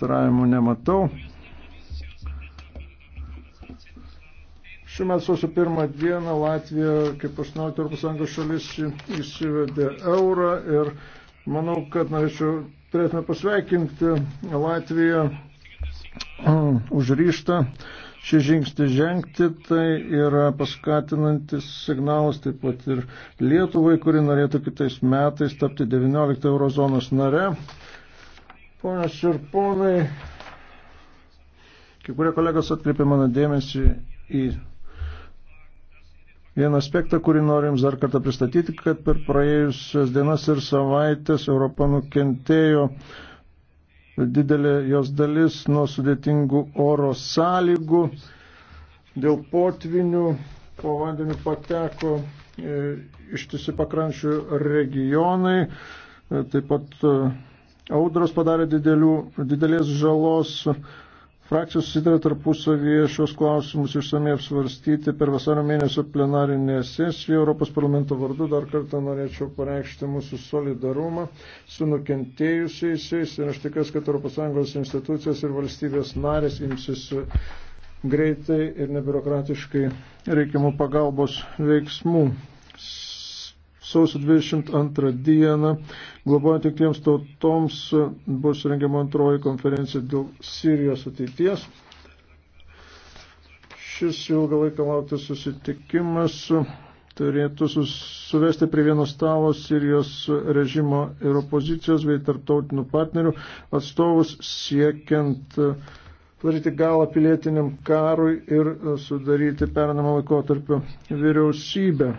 prieštaravimų nematau. Šiuo metu sausio pirmą dieną Latvija, kaip aš žinau, Europos Sąjungos šalis įsivedė eurą ir manau, kad norėčiau, turėtume pasveikinti Latviją už ryštą šį žingsnį žengti, tai yra paskatinantis signalas taip pat ir Lietuvai, kuri norėtų kitais metais tapti 19 eurozonos nare. Ponas ir ponai, kai kurie kolegos atkreipė mano dėmesį į vieną aspektą, kurį norim dar kartą pristatyti, kad per praėjusias dienas ir savaitės Europa nukentėjo didelė jos dalis nuo sudėtingų oro sąlygų, dėl potvinių po vandeniu pateko e, ištisi pakrančių regionai, e, taip pat e, audros padarė didelių, didelės žalos. Frakcijos susitarė tarpusavyje šios klausimus išsamei apsvarstyti per vasario mėnesio plenarinę sesiją. Europos parlamento vardu dar kartą norėčiau pareikšti mūsų solidarumą su nukentėjusiais ir aš tikiuosi, kad ES institucijos ir valstybės narės imsis greitai ir nebiurokratiškai reikiamų pagalbos veiksmų sausio 22 dieną globojant jungtinėms tautoms bus rengiama antroji konferencija dėl Sirijos ateities. Šis ilgą laiką lauktas susitikimas turėtų suvesti prie vieno stalo Sirijos režimo ir opozicijos bei tarptautinių partnerių atstovus siekiant e, daryti galą pilietiniam karui ir e, sudaryti pernamą laikotarpio vyriausybę.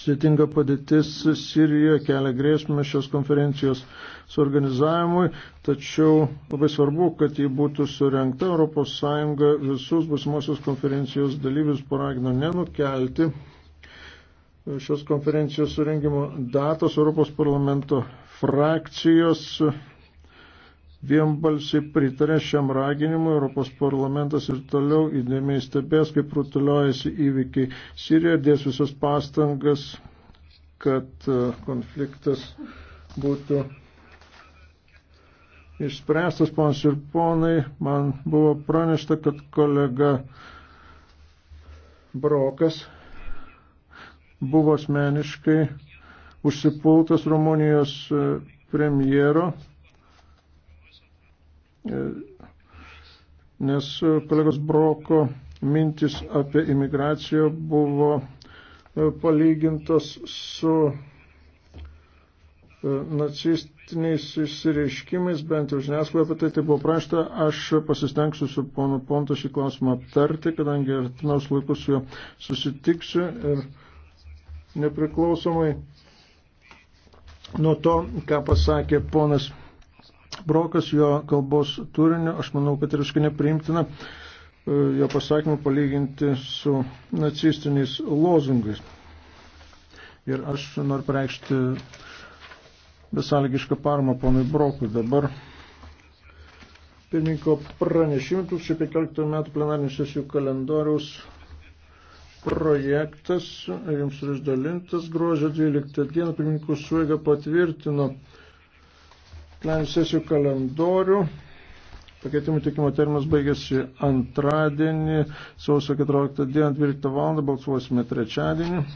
Sėtinga padėtis Sirijoje kelia grėsmę šios konferencijos suorganizavimui, tačiau labai svarbu, kad jį būtų surenkta. ES visus busimosios konferencijos dalyvius paragino nenukelti šios konferencijos surengimo datos Europos parlamento frakcijos vienbalsiai pritarė šiam raginimui, Europos parlamentas ir toliau įdėmiai stebės, kaip rutuliojasi įvykiai Sirijoje ir dės visas pastangas, kad e, konfliktas būtų išspręstas, pons ir ponai. Man buvo pranešta, kad kolega Brokas buvo asmeniškai užsipultas Rumunijos e, premjero E, nes e, kolegos Broko mintis apie imigraciją buvo e, palygintos su nacistiniais išsireiškimais, bent jau žiniasklaidoje apie tai, tai buvo prašta, aš pasistengsiu su ponu Ponto šį klausimą aptarti, kadangi artimiaus laikus su juo susitiksiu ir nepriklausomai nuo to, ką pasakė ponas Brokas, jo kalbos turiniu, aš manau, kad ir iškai nepriimtina e, jo pasakymą palyginti su nacistiniais lozungais. Ir aš noriu pareikšti besalgišką parmą ponui Brokui. Dabar pirmininko pranešimų 2015 metų plenarinių sesijų kalendoriaus projektas jums yra išdalintas gruodžio 12 dieną pirmininkų suėga patvirtino plenų sesijų kalendorių. Pakeitimų tikimo terminas baigėsi antradienį, sausio 14 dieną 12 val. balsuosime trečiadienį.